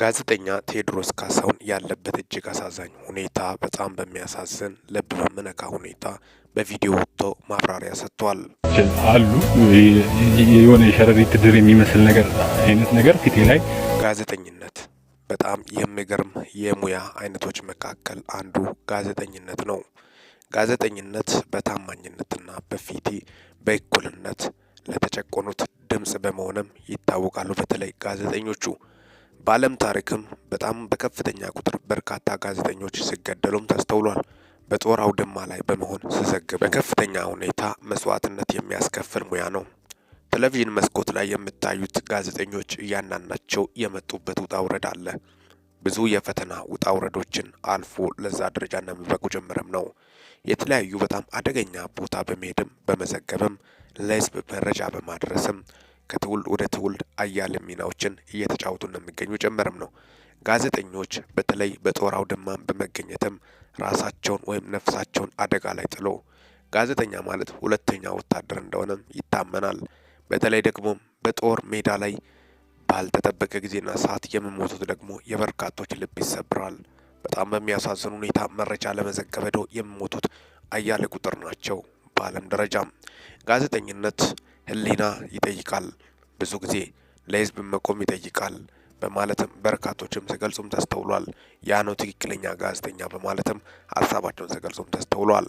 ጋዜጠኛ ቴዎድሮስ ካሳሁን ያለበት እጅግ አሳዛኝ ሁኔታ በጣም በሚያሳዝን ልብ በሚነካ ሁኔታ በቪዲዮ ወጥቶ ማብራሪያ ሰጥቷል። አሉ የሆነ የሸረሪት ድር የሚመስል ነገር አይነት ነገር ፊቴ ላይ ጋዜጠኝነት በጣም የሚገርም የሙያ አይነቶች መካከል አንዱ ጋዜጠኝነት ነው። ጋዜጠኝነት በታማኝነትና በፊቴ በእኩልነት ለተጨቆኑት ድምፅ በመሆንም ይታወቃሉ። በተለይ ጋዜጠኞቹ በዓለም ታሪክም በጣም በከፍተኛ ቁጥር በርካታ ጋዜጠኞች ሲገደሉም ተስተውሏል። በጦር አውድማ ላይ በመሆን ሲዘግብ በከፍተኛ ሁኔታ መስዋዕትነት የሚያስከፍል ሙያ ነው። ቴሌቪዥን መስኮት ላይ የምታዩት ጋዜጠኞች እያናናቸው የመጡበት ውጣ ውረድ አለ። ብዙ የፈተና ውጣ ውረዶችን አልፎ ለዛ ደረጃ እንደሚበቁ ጀምረም ነው። የተለያዩ በጣም አደገኛ ቦታ በመሄድም በመዘገብም ለህዝብ መረጃ በማድረስም ከትውልድ ወደ ትውልድ አያሌ ሚናዎችን እየተጫወቱ እንደሚገኙ ጭምርም ነው። ጋዜጠኞች በተለይ በጦር አውድማ በመገኘትም ራሳቸውን ወይም ነፍሳቸውን አደጋ ላይ ጥሎ ጋዜጠኛ ማለት ሁለተኛ ወታደር እንደሆነም ይታመናል። በተለይ ደግሞ በጦር ሜዳ ላይ ባልተጠበቀ ጊዜና ሰዓት የሚሞቱት ደግሞ የበርካቶች ልብ ይሰብራል። በጣም በሚያሳዝን ሁኔታ መረጃ ለመዘገብ ሄደው የሚሞቱት አያሌ ቁጥር ናቸው። በዓለም ደረጃም ጋዜጠኝነት ህሊና ይጠይቃል፣ ብዙ ጊዜ ለህዝብ መቆም ይጠይቃል በማለትም በርካቶችም ሲገልጹም ተስተውሏል። ያ ነው ትክክለኛ ጋዜጠኛ በማለትም ሀሳባቸውን ሲገልጹም ተስተውሏል።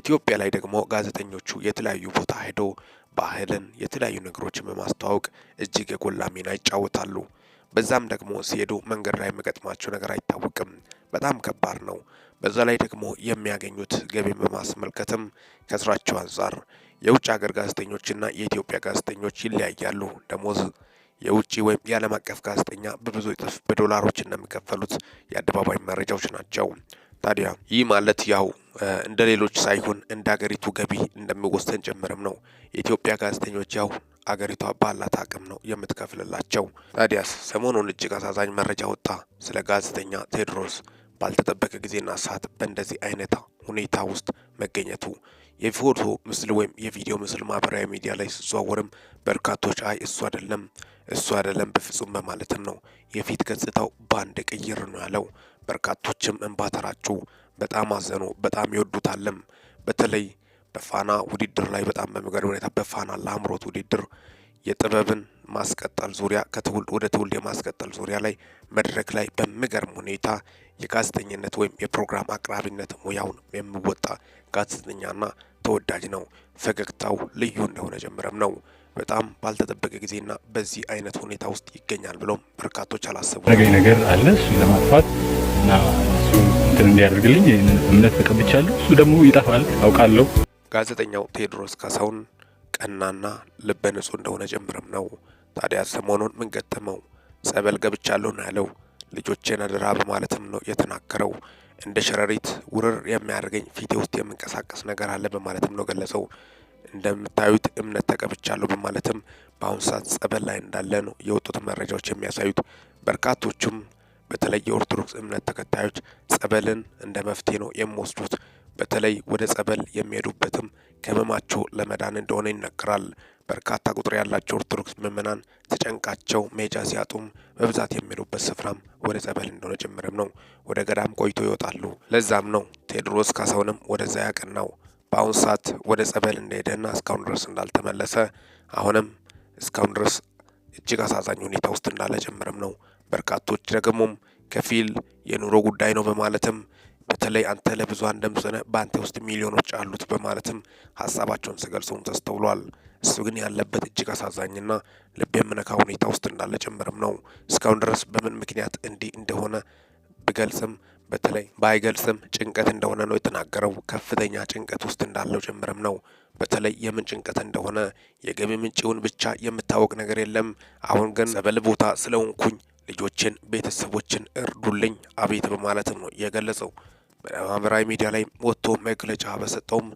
ኢትዮጵያ ላይ ደግሞ ጋዜጠኞቹ የተለያዩ ቦታ ሄዶ ባህልን፣ የተለያዩ ነገሮችን በማስተዋወቅ እጅግ የጎላ ሚና ይጫወታሉ። በዛም ደግሞ ሲሄዱ መንገድ ላይ የሚገጥማቸው ነገር አይታወቅም። በጣም ከባድ ነው። በዛ ላይ ደግሞ የሚያገኙት ገቢን በማስመልከትም ከስራቸው አንጻር የውጭ ሀገር ጋዜጠኞችና የኢትዮጵያ ጋዜጠኞች ይለያያሉ። ደሞዝ የውጭ ወይም የዓለም አቀፍ ጋዜጠኛ በብዙ እጥፍ በዶላሮች እንደሚከፈሉት የአደባባይ መረጃዎች ናቸው። ታዲያ ይህ ማለት ያው እንደ ሌሎች ሳይሆን እንደ ሀገሪቱ ገቢ እንደሚወሰን ጭምርም ነው። የኢትዮጵያ ጋዜጠኞች ያው አገሪቷ ባላት አቅም ነው የምትከፍልላቸው። ታዲያስ ሰሞኑን እጅግ አሳዛኝ መረጃ ወጣ። ስለ ጋዜጠኛ ቴድሮስ ባልተጠበቀ ጊዜና ሰዓት በእንደዚህ አይነት ሁኔታ ውስጥ መገኘቱ የፎቶ ምስል ወይም የቪዲዮ ምስል ማህበራዊ ሚዲያ ላይ ሲዘዋወርም በርካቶች አይ እሱ አይደለም እሱ አይደለም በፍጹም በማለትም ነው የፊት ገጽታው በአንድ ቅይር ነው ያለው። በርካቶችም እንባተራቸው በጣም አዘኑ፣ በጣም ይወዱታለም። በተለይ በፋና ውድድር ላይ በጣም በሚገርም ሁኔታ በፋና ላምሮት ውድድር የጥበብን ማስቀጠል ዙሪያ ከትውልድ ወደ ትውልድ የማስቀጠል ዙሪያ ላይ መድረክ ላይ በሚገርም ሁኔታ የጋዜጠኝነት ወይም የፕሮግራም አቅራቢነት ሙያውን የሚወጣ ጋዜጠኛና ተወዳጅ ነው። ፈገግታው ልዩ እንደሆነ ጀምረም ነው። በጣም ባልተጠበቀ ጊዜና በዚህ አይነት ሁኔታ ውስጥ ይገኛል ብሎም በርካቶች አላሰቡ። ነገኝ ነገር አለ እሱ ለማጥፋት እና እሱ እንትን እንዲያደርግልኝ እምነት ተቀብቻለሁ። እሱ ደግሞ ይጠፋል አውቃለሁ። ጋዜጠኛው ቴዎድሮስ ካሳሁን ቀናና ልበ ንጹህ እንደሆነ ጀምረም ነው። ታዲያ ሰሞኑን ምን ገጠመው? ጸበል ገብቻለሁ ነው ያለው። ልጆቼን አደራ በማለትም ነው የተናገረው። እንደ ሸረሪት ውርር የሚያደርገኝ ፊቴ ውስጥ የምንቀሳቀስ ነገር አለ በማለትም ነው ገለጸው። እንደምታዩት እምነት ተቀብቻለሁ በማለትም በአሁኑ ሰዓት ጸበል ላይ እንዳለ ነው የወጡት መረጃዎች የሚያሳዩት። በርካቶቹም በተለይ የኦርቶዶክስ እምነት ተከታዮች ጸበልን እንደ መፍትሄ ነው የሚወስዱት። በተለይ ወደ ጸበል የሚሄዱበትም ከህመማቸው ለመዳን እንደሆነ ይነገራል። በርካታ ቁጥር ያላቸው ኦርቶዶክስ ምእመናን ተጨንቃቸው ሜጃ ሲያጡም በብዛት የሚሄዱበት ስፍራም ወደ ጸበል እንደሆነ ጭምርም ነው። ወደ ገዳም ቆይቶ ይወጣሉ። ለዛም ነው ቴዎድሮስ ካሳሁንም ወደዛ ያቀናው። በአሁኑ ሰዓት ወደ ጸበል እንደሄደና እስካሁን ድረስ እንዳልተመለሰ አሁንም እስካሁን ድረስ እጅግ አሳዛኝ ሁኔታ ውስጥ እንዳለ ጭምርም ነው። በርካቶች ደግሞም ከፊል የኑሮ ጉዳይ ነው በማለትም በተለይ አንተ ለብዙሃን ድምጽ ነህ፣ በአንተ ውስጥ ሚሊዮኖች አሉት በማለትም ሀሳባቸውን ሲገልጹም ተስተውሏል። እሱ ግን ያለበት እጅግ አሳዛኝና ልብ የምነካ ሁኔታ ውስጥ እንዳለ ጭምርም ነው። እስካሁን ድረስ በምን ምክንያት እንዲህ እንደሆነ ብገልጽም በተለይ ባይገልጽም ጭንቀት እንደሆነ ነው የተናገረው። ከፍተኛ ጭንቀት ውስጥ እንዳለው ጭምርም ነው። በተለይ የምን ጭንቀት እንደሆነ የገቢ ምንጭውን ብቻ የምታወቅ ነገር የለም። አሁን ግን ሰበል ቦታ ስለሆንኩኝ ልጆችን፣ ቤተሰቦችን እርዱልኝ አቤት በማለትም ነው የገለጸው። በማህበራዊ ሚዲያ ላይ ወጥቶ መግለጫ በሰጠውም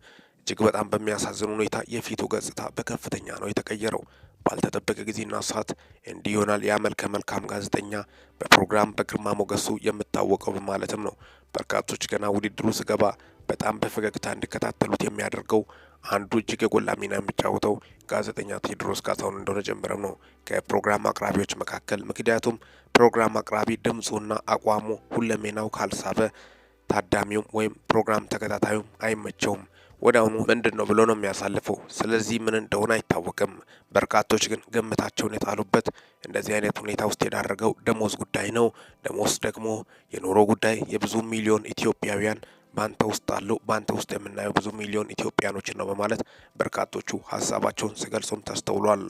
እጅግ በጣም በሚያሳዝን ሁኔታ የፊቱ ገጽታ በከፍተኛ ነው የተቀየረው። ባልተጠበቀ ጊዜና ሰዓት እንዲህ ይሆናል ያ መልከ መልካም ጋዜጠኛ በፕሮግራም በግርማ ሞገሱ የምታወቀው በማለትም ነው በርካቶች ገና ውድድሩ ስገባ በጣም በፈገግታ እንዲከታተሉት የሚያደርገው አንዱ እጅግ የጎላ ሚና የሚጫወተው ጋዜጠኛ ቴድሮስ ካሳሁን እንደሆነ ጀምረም ነው ከፕሮግራም አቅራቢዎች መካከል። ምክንያቱም ፕሮግራም አቅራቢ ድምፁና አቋሙ ሁለሜናው ካልሳበ ታዳሚውም ወይም ፕሮግራም ተከታታዩም አይመቸውም። ወዲያውኑ ምንድን ነው ብሎ ነው የሚያሳልፈው። ስለዚህ ምን እንደሆነ አይታወቅም። በርካቶች ግን ግምታቸውን የጣሉበት እንደዚህ አይነት ሁኔታ ውስጥ የዳረገው ደሞዝ ጉዳይ ነው። ደሞዝ ደግሞ የኑሮ ጉዳይ የብዙ ሚሊዮን ኢትዮጵያውያን ባንተ ውስጥ አሉ ባንተ ውስጥ የምናየው ብዙ ሚሊዮን ኢትዮጵያኖችን ነው በማለት በርካቶቹ ሀሳባቸውን ሲገልጹም ተስተውሏል።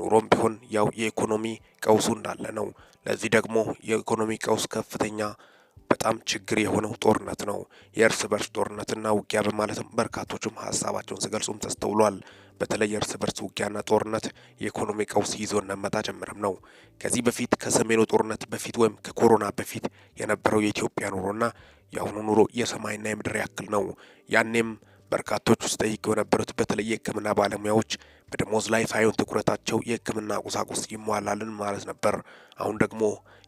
ኑሮም ቢሆን ያው የኢኮኖሚ ቀውሱ እንዳለ ነው። ለዚህ ደግሞ የኢኮኖሚ ቀውስ ከፍተኛ በጣም ችግር የሆነው ጦርነት ነው። የእርስ በርስ ጦርነትና ውጊያ በማለትም በርካቶቹም ሀሳባቸውን ሲገልጹም ተስተውሏል። በተለይ የእርስ በርስ ውጊያና ጦርነት የኢኮኖሚ ቀውስ ይዞ እንደመጣ ጀምርም ነው። ከዚህ በፊት ከሰሜኑ ጦርነት በፊት ወይም ከኮሮና በፊት የነበረው የኢትዮጵያ ኑሮና የአሁኑ ኑሮ የሰማይና የምድር ያክል ነው። ያኔም በርካቶች ውስጥ ጠይቀው የነበሩት በተለይ የሕክምና ባለሙያዎች በደሞዝ ላይ ሳይሆን ትኩረታቸው የህክምና ቁሳቁስ ይሟላልን ማለት ነበር። አሁን ደግሞ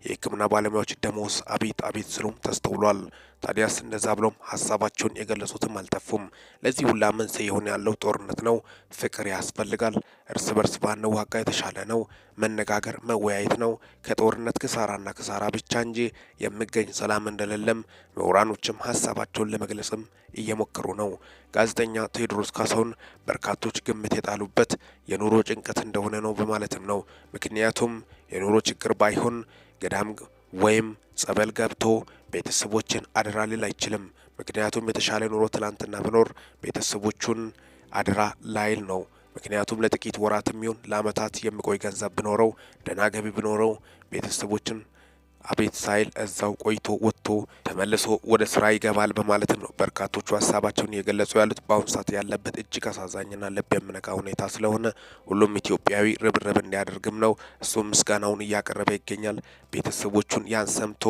የህክምና ባለሙያዎች ደሞዝ አቤት አቤት ስሉም ተስተውሏል። ታዲያስ እንደዛ ብሎም ሀሳባቸውን የገለጹትም አልጠፉም። ለዚህ ሁላ መንስኤ የሆነ ያለው ጦርነት ነው። ፍቅር ያስፈልጋል። እርስ በርስ ባንዋጋ የተሻለ ነው። መነጋገር መወያየት ነው። ከጦርነት ክሳራና ክሳራ ብቻ እንጂ የሚገኝ ሰላም እንደሌለም ምሁራኖችም ሀሳባቸውን ለመግለጽም እየሞከሩ ነው። ጋዜጠኛ ቴዎድሮስ ካሳሁን በርካቶች ግምት የጣሉበት የኑሮ ጭንቀት እንደሆነ ነው በማለትም ነው። ምክንያቱም የኑሮ ችግር ባይሆን ገዳም ወይም ጸበል ገብቶ ቤተሰቦችን አደራ ሊል አይችልም። ምክንያቱም የተሻለ ኑሮ ትላንትና ብኖር ቤተሰቦቹን አደራ ላይል ነው። ምክንያቱም ለጥቂት ወራት የሚሆን ለአመታት የሚቆይ ገንዘብ ብኖረው ደህና ገቢ ብኖረው ቤተሰቦችን አቤት ሳይል እዛው ቆይቶ ወጥቶ ተመልሶ ወደ ስራ ይገባል በማለትም ነው በርካቶቹ ሀሳባቸውን እየገለጹ ያሉት። በአሁኑ ሰዓት ያለበት እጅግ አሳዛኝና ልብ የምነካ ሁኔታ ስለሆነ ሁሉም ኢትዮጵያዊ ርብርብ እንዲያደርግም ነው እሱም ምስጋናውን እያቀረበ ይገኛል። ቤተሰቦቹን ያን ሰምቶ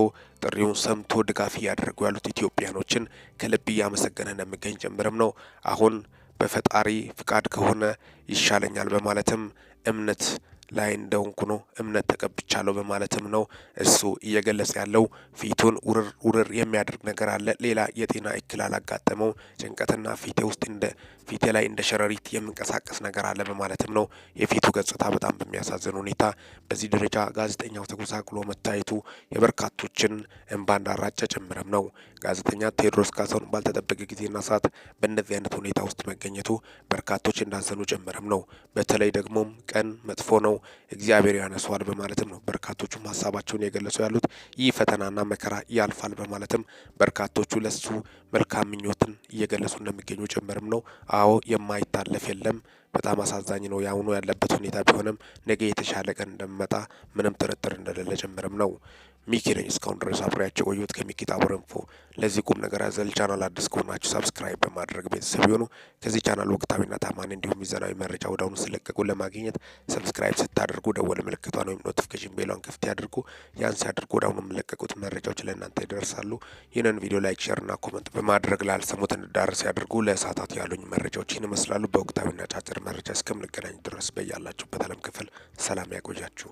ጥሪውን ሰምቶ ድጋፍ እያደረጉ ያሉት ኢትዮጵያኖችን ከልብ እያመሰገነ እንደሚገኝ ጭምርም ነው። አሁን በፈጣሪ ፍቃድ ከሆነ ይሻለኛል በማለትም እምነት ላይ እንደሆንኩ ነው እምነት ተቀብቻለሁ በማለትም ነው እሱ እየገለጸ ያለው። ፊቱን ውርር ውርር የሚያደርግ ነገር አለ። ሌላ የጤና እክል አላጋጠመው ጭንቀትና ፊቴ ውስጥ እንደ ፊቴ ላይ እንደ ሸረሪት የምንቀሳቀስ ነገር አለ በማለትም ነው የፊቱ ገጽታ በጣም በሚያሳዝን ሁኔታ በዚህ ደረጃ ጋዜጠኛው ተጎሳቅሎ መታየቱ የበርካቶችን እንባ እንዳራጨ ጭምርም ነው። ጋዜጠኛ ቴዎድሮስ ካሳሁን ባልተጠበቀ ጊዜና ሰዓት በእነዚህ አይነት ሁኔታ ውስጥ መገኘቱ በርካቶች እንዳዘኑ ጭምርም ነው። በተለይ ደግሞም ቀን መጥፎ ነው፣ እግዚአብሔር ያነሷል በማለትም ነው በርካቶቹም ሀሳባቸውን የገለጹ ያሉት። ይህ ፈተናና መከራ ያልፋል በማለትም በርካቶቹ ለሱ መልካም ምኞትን እየገለጹ እንደሚገኙ ጭምርም ነው። አዎ የማይታለፍ የለም። በጣም አሳዛኝ ነው የአሁኑ ያለበት ሁኔታ ቢሆንም ነገ የተሻለ ቀን እንደሚመጣ ምንም ጥርጥር እንደሌለ ጭምርም ነው። ሚኪ ነኝ። እስካሁን ድረስ አብሬያቸው ቆየሁት ከሚኪ ታቦር ኢንፎ። ለዚህ ቁም ነገር አዘል ቻናል አዲስ ከሆናችሁ ሰብስክራይብ በማድረግ ቤተሰብ የሆኑ ከዚህ ቻናል ወቅታዊና ታማኝ እንዲሁም ሚዛናዊ መረጃ ወደ አሁኑ ሲለቀቁ ለማግኘት ሰብስክራይብ ስታደርጉ ደወል ምልክቷን ወይም ኖቲፊኬሽን ቤሏን ክፍት ያድርጉ። ያን ሲያደርጉ ወደ አሁኑ የሚለቀቁት መረጃዎች ለእናንተ ይደርሳሉ። ይህንን ቪዲዮ ላይክ፣ ሼር ሸርና ኮመንት በማድረግ ላልሰሙት እንዲዳረስ ያድርጉ። ለእሳታት ያሉኝ መረጃዎች መረጃዎችን ይመስላሉ። በወቅታዊና ጫጭር መረጃ እስከምንገናኝ ድረስ በያላችሁበት ዓለም ክፍል ሰላም ያቆያችሁ።